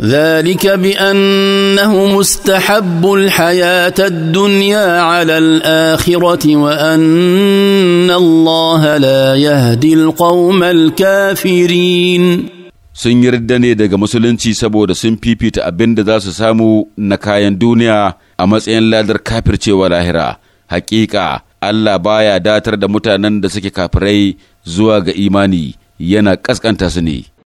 ذلك بانه مستحب الحياه الدنيا على الاخره وان الله لا يهدي القوم الكافرين sun yarda ne daga musulunci saboda sun fifita abin da za su samu na kayan duniya a matsayin ladar kafircewa lahira hakika Allah baya datar da mutanen da suke kafirai zuwa ga imani yana kaskanta su ne